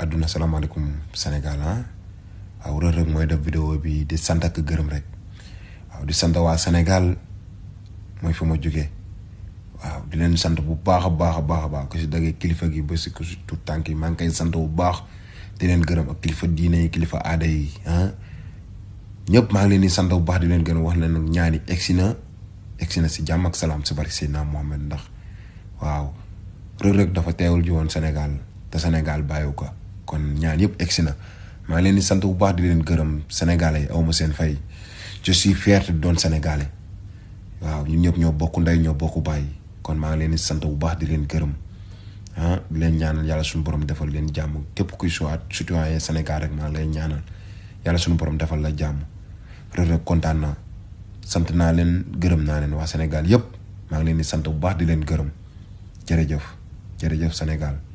salam alaikum senegal ah aw Reug rek moy def vidéo bi di sant ak gërëm rek waaw ah, di sant wa Senegal moy fuma ah, ma waaw di len sant bu baax a baax a baax a baax ku si daggee kilifa gi ba si ku si tuut yi maa sant bu baax di len gërëm ak kilifa diine yi kilifa yi ah ñepp ma ngi leen di sant bu baax di len gërëm wax leen nag ñaani exina exina ci jamm si jamak ak salam ci barke sayna mohammed ndax waaw Reug rek dafa teewul ji won senegal te senegal ko kon ñaan yëpp egsi na maa ngi leen di sant bu baax di leen gërëm sénégalais aw ma seen fay je si fier de doon sénégalais waaw ñun ñëpp ñoo bokku ndey ñoo bokk baay kon maa ngi leen di sant bu baax di leen gërëm ah di leen ñaanal yàlla suñu borom defal leen jàmm képp kuy soit citoyen Sénégal rek maa ngi lay ñaanal yàlla suñu borom defal la jàmm kontaan naa sant naa leen gërëm naa leen waa Sénégal yëpp maa ngi leen di sant bu baax di leen gërëm jërëjëf jërëjëf Sénégal.